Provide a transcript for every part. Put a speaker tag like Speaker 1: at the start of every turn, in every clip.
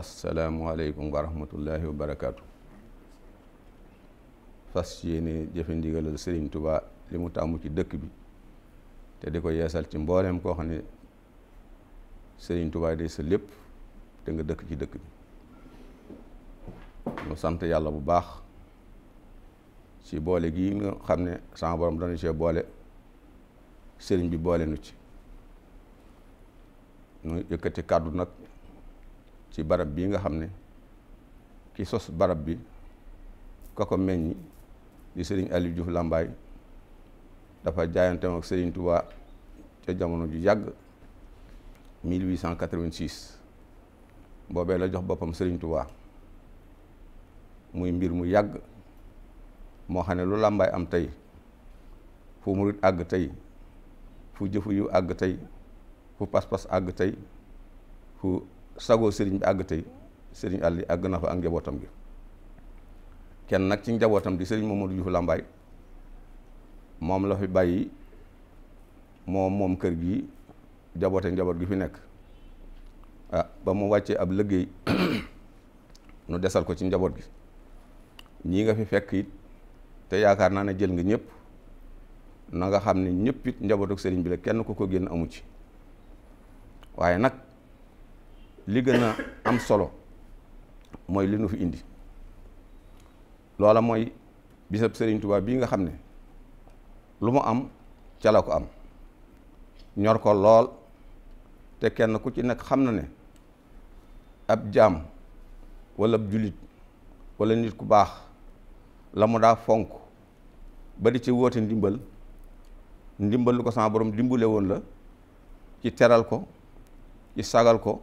Speaker 1: asalaamualeykum wa rahmatullahi wa barakaatu fas yéene jëfe ndigalal Sëriñ Tuubaa li mu tàmm ci dëkk bi te di ko yeesal ci mbooleem koo xam ne Sëriñ Tuubaa day sa lépp te nga dëkk ci dëkk bi ñu sant yàlla bu baax ci boole gii nga xam ne sama borom dana boole sëriñ bi boole nu ci ñu yëkkati kàddu nag ci barab bii nga xam ne ki sos barab bi ka ko meññi di sëriñ Aliou Diouf Lambaay dafa jaayante ak sëriñ Touba ca jamono ju yàgg 1886 boobee la jox boppam sëriñ Touba muy mbir mu yàgg moo xam ne lu làmbaay am tey fu murit àgg tey fu jëfu yu àgg tey fu pas-pas àgg tey fu sagoo sëriñ bi àgg tey sëriñ yi àgg na fa ak njabootam gi kenn nag ci njabootam di sëriñ Mamadou Diouf Lambaye moom la fi bàyyi moom moom kër gi jaboote njaboot gi fi nekk ah ba mu wàccee ab liggéey nu desal ko ci njaboot gi ñii nga fi fekk it te yaakaar naa ne jël nga ñëpp na nga xam ne ñëpp it njabootu sëriñ bi la kenn ku ko génn amu ci waaye nag li gën a am solo mooy li nu fi indi loola mooy bisab Serigne Touba bii nga xam ne lu mu am cala ko am ñor ko lool te kenn ku ci nekk xam na ne ab jaam walla jullit walla nit ku baax la mu daa fonk ba di ci woote ndimbal ndimbal lu ko sama borom dimbale woon la ci teral ko ci sagal ko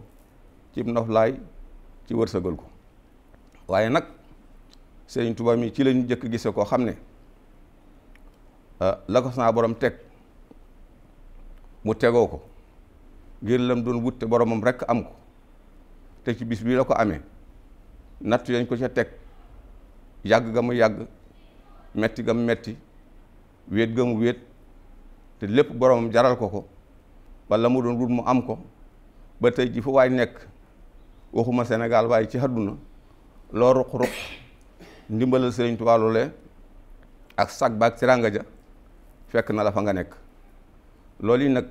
Speaker 1: ci noflaay ci wërsëgal ko waaye nag Sëriñ Tuubaa mi ci lañu jëkk gise koo xam ne ah, la ko saa borom teg mu tegoo ko ngir lam doon wut te boromam rekk am ko te ci bis bii la ko amee natt yañ ko ca teg yàgg ga mu yàgg metti ga mu metti wéet ga mu wéet te lépp boromam jaral ko ko wala mu doon wut mu am ko ba tey ji fu waay nekk waxuma Sénégal waaye ci àdduna loo ruq-ruq ndimbalal Sëriñ Tuubaa ak sag baak tiranga ja fekk na la fa nga nekk loolu yi nag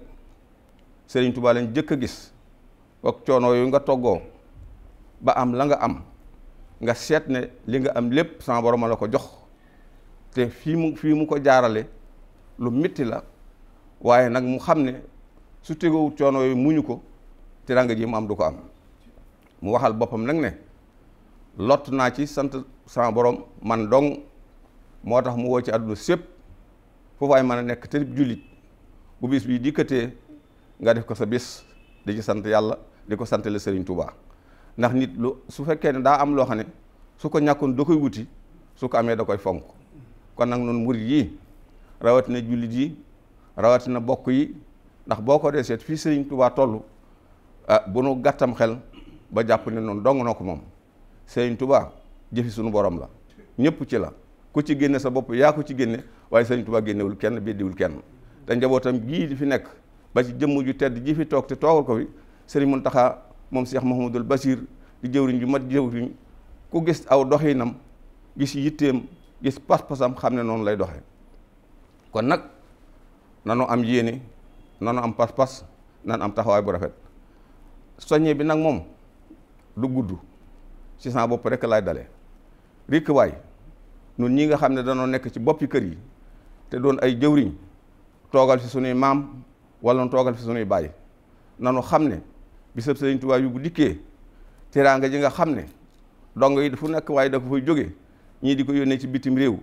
Speaker 1: Sëriñ Tuubaa jëkk a gis ak coono yu nga toggoo ba am la nga am nga seet ne li nga am lépp sama borom la ko jox te fii mu fii mu ko jaarale lu metti la waaye nag mu xam ne su tegewut coono yooyu muñu ko tiranga ji mu am du ko am mu waxal boppam nag ne lott naa ci sant sama borom man dong moo tax mu woo ci àdduna sépp foofu ay mën a nekk te jullit bu bis bi dikkatee nga def ko sa bis di ci sant yàlla di ko sant la Serigne Touba ndax nit lu su fekkee ne daa am loo xam ne su ko ñàkkoon da koy wuti su ko amee da koy fonk kon nag noonu murit yi rawatina jullit yi rawatina bokk yi ndax boo ko dee seet fii Serigne Touba toll ah bu nu gàttam xel. ba jàpp ne noonu dongu noo ko moom sëriñ tubaa jëfi suñu borom la ñëpp ci la ku ci génne sa bopp yaa ku ci génne waaye sëriñ tubaa génnewul kenn beddiwul kenn te tam gii di fi nekk ba ci jëmm ju tedd ji fi toog te toogal ko fi sëriñ Muntaxa moom Cheikh Mouhamadul Basir di jëwriñ ju mat jëwriñ ku gis aw doxinam gis yitteem gis pas-pasam xam ne noonu lay doxe kon nag nanu am yéene nanu am pas-pas nan am taxawaay bu rafet soññe bi nag moom du gudd ci saa bopp rek laay dale rikk waay nun ñi nga xam ne danoo nekk ci boppi kër yi te doon ay jëwriñ toogal fi sunuy maam wala toogal fi sunuy baay nanu xam ne bisab Sëriñ Tuubaa yu bu dikkee teraanga ji nga xam ne dong yi fu nekk waaye da ko jóge ñii di ko yónnee ci bitim réew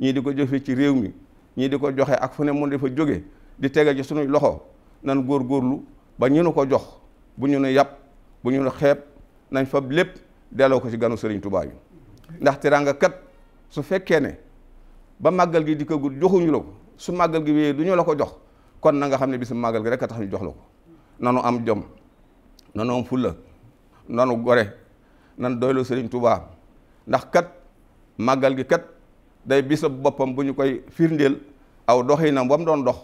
Speaker 1: ñii di ko jofe ci réew mi ñii di ko joxe ak fu ne mun dafa jóge di tegal ci sunuy loxo nan góor góorlu ba ñu nu ko jox bu ñu nu yàpp bu ñu nu xeeb nañ fab lépp delloo ko ci ganu sëriñ Tuubaa ndax teraanga kat su fekkee ne ba màggal gi di ko gudd joxuñu la ko su màggal gi wéyee du ñu la ko jox kon na nga xam ne bisu màggal gi rek a tax ñu jox la ko nanu am jom nanu am fulla nanu gore nan doylu sëriñ Tuubaa ndax kat màggal gi kat day bisab boppam bu ñu koy firndeel aw doxinam wam doon dox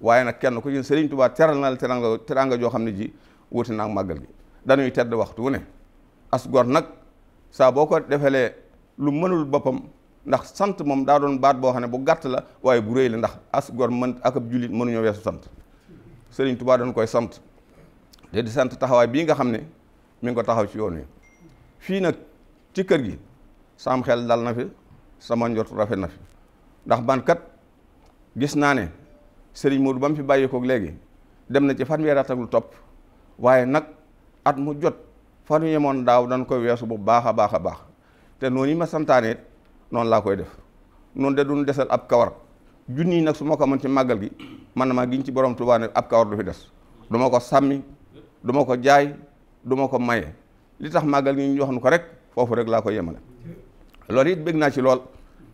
Speaker 1: waaye nag kenn ku ci sëriñ Tuubaa teral na la teranga joo xam ne ji wuti naag màggal gi dañuy tedd waxtu wu ne as gor nag saa boo ko defalee lu mënul boppam ndax sant moom daa doon baat boo xam ne bu gàtt la waaye bu rëy la ndax as gor mën ak ab jullit mënuñoo weesu sant Sëriñ Tuubaa dañ koy sant te di sant taxawaay bii nga xam ne mi ngi ko taxaw ci yoon wi fii nag ci kër gi sam xel dal na fi sama njort rafet na fi ndax man kat gis naa ne Sëriñ Moodu ba mu fi bàyyi ko léegi dem na ci fanweeri at ak lu topp waaye nag at mu jot fa nu yemoon daaw dañ koy weesu bu baax a baax a baax te noonu yi ma santaane noonu laa koy def noonu de duñ desal ab kawar junni nag su ma ko amoon ci màggal gi man maa giñ ci borom Tuubaa ne ab kawar du fi des du ma ko sàmmi du ko jaay du ko maye li tax màggal gi jox nu ko rek foofu rek laa koy yemale loolu it bëgg naa ci lool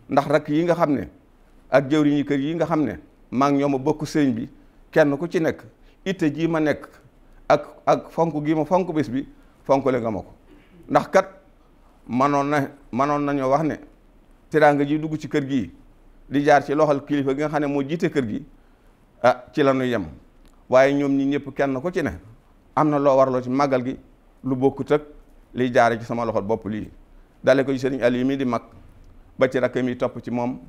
Speaker 1: ndax rakk yi nga xam ne ak jëwriñ yi kër yi nga xam ne maa ngi ñoom a bokk sëñ bi kenn ku ci nekk itte jii ma nekk ak ak fonk gii ma fonk bés bi fonkale nga ma ko ndax kat manoon na manoon nañoo wax ne teraanga ji dugg ci kër gi di jaar ci loxol kilifa gi nga xam ne moo jiite kër gi ah ci la ñu yem waaye ñoom ñi ñëpp kenn ko ci ne am na loo warloo ci màggal gi lu bokkut ak liy jaar ci sama loxo bopp lii dale ko ci sëriñ yi mi di mag ba ci rakkam yi topp ci moom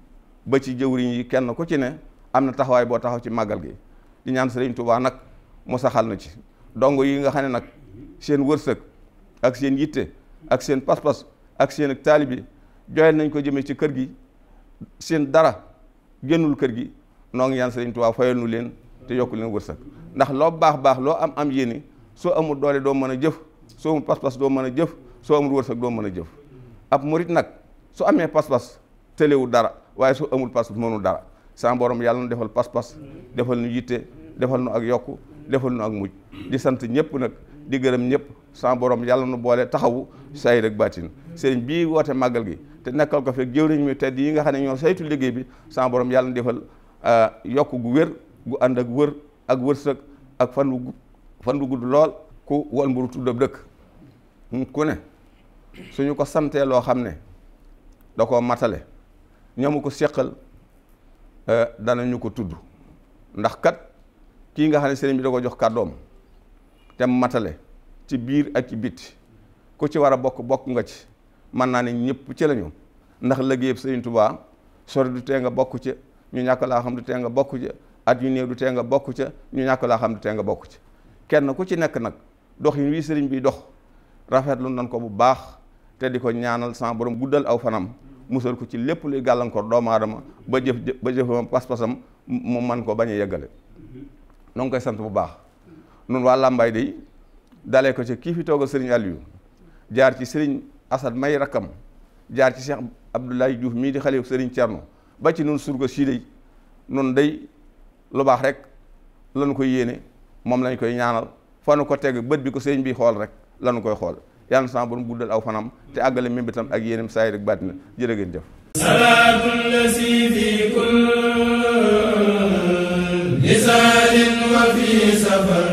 Speaker 1: ba ci jëwriñ yi kenn ko ci ne am na taxawaay boo taxaw ci màggal gi di ñaan sëriñ Tuubaa nag mu saxal na ci dong yi nga xam ne nag seen wërsëg ak seen yitte ak seen pas-pas ak seen ak taalibi joyal nañ ko jëmee ci kër gi seen dara génnul kër gi noo ngi ñaan Sëriñ Tuubaa fayal nu leen te yokk leen wërsëg ndax loo baax baax loo am am yéene soo amul doole doo mën a jëf soo amul pas-pas doo mën a jëf soo amul wërsëg doo mën a jëf ab murit nag su amee pas-pas tëlewul dara waaye su amul pas-pas mënul dara sa borom yàlla nu defal pas-pas defal nu yitte defal nu ak yokku defal nu ak muj di sant ñëpp nag di gërëm ñëpp sans borom yàlla nu boole taxawu saayir ak baatin sëriñ bii woote màggal gi te nekkal ko fekk jëwriñ mi tedd yi nga xam ne ñoo saytu liggéey bi sans borom yàlla defal euh, yokk gu wér gu ànd ak wër ak wërsëg ak fan wu gudd lool ku wal mburu tuddab dëkk hmm, ku ne suñu ko santee loo xam ne da koo matale ñamu ko seqal euh, ñu ko tudd ndax kat kii nga xam ne sëriñ bi da ko jox kàddoom te matale ci biir ak ci biti ku ci war a bokk bokk nga ci mën naa ne ñëpp ci lañu ndax liggéeyub Sëriñ Tuubaa sori du tee nga bokk ci ñu ñàkk laa xam du tee nga bokk ci at yu néew tee nga bokk ca ñu ñàkk laa xam du nga bokk ci kenn ku ci nekk nag dox yi wii sëriñ bi dox rafetlu nan ko bu baax te di ko ñaanal sans borom guddal aw fanam musal ko ci lépp luy gàllankoor doomu aadama ba jëf ba jëfam pas-pasam mu man ko bañ a yeggale mm-hmm. noo ngi koy sant bu baax nun waa làmbaay day dalee ko ci kii fi toogal sëriñ Aliou jaar ci sëriñ Asad may rakkam jaar ci Cheikh Abdoulaye Diouf mii di xalifa sëriñ Thierno ba ci nun surga sii nun day lu baax rek lañu koy yéene moom lañ koy ñaanal fa ko teg bët bi ko sëriñ bi xool rek lañu koy xool yàlla na sama borom guddal aw fanam te àggale mim bitam ak yéenem saay rek baatina jërë ngeen jëf salaatun lasi